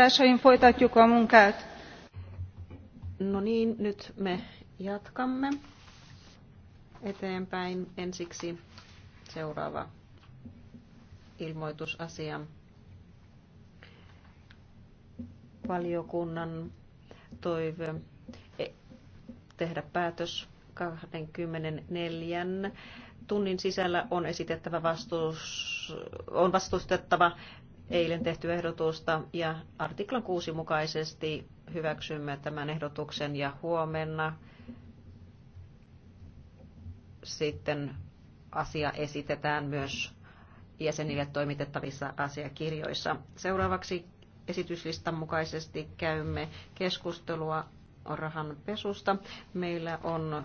társaim, folytatjuk a munkát. No niin, nyt me jatkamme eteenpäin. Ensiksi seuraava ilmoitusasia. Valiokunnan toive e, tehdä päätös 24 tunnin sisällä on esitettävä vastuus, on vastustettava eilen tehty ehdotusta ja artiklan 6 mukaisesti hyväksymme tämän ehdotuksen ja huomenna sitten asia esitetään myös jäsenille toimitettavissa asiakirjoissa. Seuraavaksi esityslistan mukaisesti käymme keskustelua rahanpesusta. Meillä on